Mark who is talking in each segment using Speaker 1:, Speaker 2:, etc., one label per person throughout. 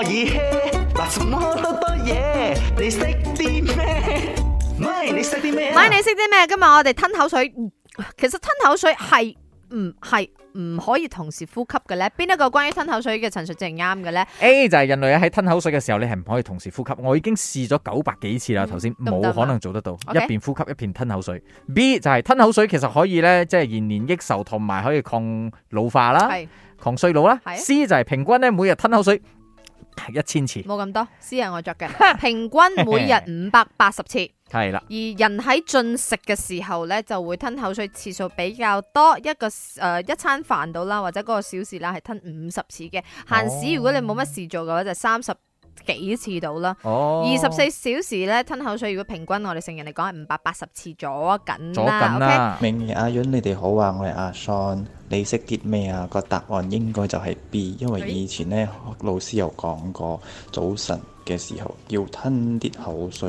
Speaker 1: 可以咩？嗱，什麼多多嘢？你識啲咩？咪你識啲咩？咪你識啲咩？今日我哋吞口水，其實吞口水係唔係唔可以同時呼吸嘅咧？邊一個關於吞口水嘅陳述正啱嘅咧？A，就係人類喺吞口水嘅時候咧，你係唔可以同時呼吸。我已經試咗九百幾次啦，頭先冇可能做得到一邊呼吸一邊吞口水。B 就係吞口水，其實可以咧，即係延年益壽同埋可以抗老化啦，係抗衰老啦。C 就係平均咧，每日吞口水，一千次，冇咁多，私人我作嘅， 平均每日五百八十次，係啦。而人喺進食嘅時候咧，就會吞口水次數比較多，一個誒、呃、一餐飯度啦，或者嗰個小時啦，係吞五十次嘅。閒時如果你冇乜事做嘅話，哦、就三十。幾次到啦？哦，二十四小時咧，吞口水，如果平均我哋成人嚟講係五百八十次咗緊啦。緊緊 okay? 明日阿允你哋好啊，我係阿 Son 你識啲咩啊？個答案應該就係 B，因為以前咧老師有講過，早晨嘅時候要吞啲口水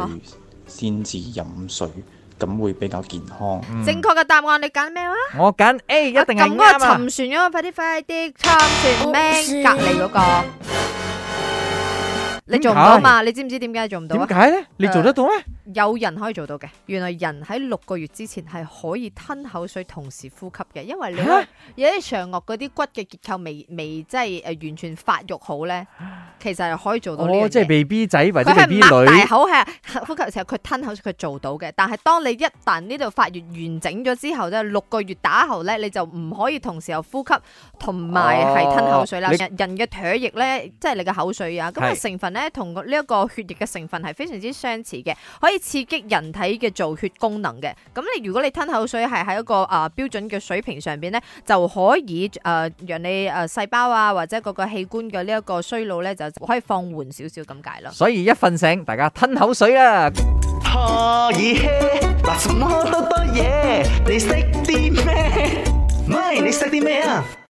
Speaker 1: 先至飲水，咁、oh. 會比較健康。嗯、正確嘅答案你揀咩話？我揀 A，一定咁個沉船嘅、哦、話，快啲快啲，倉船咩？隔離嗰個。 你做唔到嘛？你知唔知點解做唔到？點解咧？你做得到咩、呃？有人可以做到嘅。原來人喺六個月之前係可以吞口水同時呼吸嘅，因為你、啊、有啲上顎嗰啲骨嘅結構未未即係誒完全發育好咧，其實係可以做到個。哦，即係 B B 仔或者 B B 女大口係呼吸嘅時候，佢吞口水佢做到嘅。但係當你一旦呢度發育完整咗之後咧，六個月打後咧，你就唔可以同時又呼吸同埋係吞口水啦。哦、人嘅唾液咧，即、就、係、是、你嘅口水啊，咁、那個、成分咧。同呢一個血液嘅成分係非常之相似嘅，可以刺激人體嘅造血功能嘅。咁你如果你吞口水係喺一個啊、呃、標準嘅水平上邊咧，就可以誒、呃、讓你誒細胞啊或者各個器官嘅呢一個衰老咧，就可以放緩少少咁解啦。所以一瞓醒，大家吞口水啊！可以，多 嘢樂？你識啲咩？咪你識啲咩啊？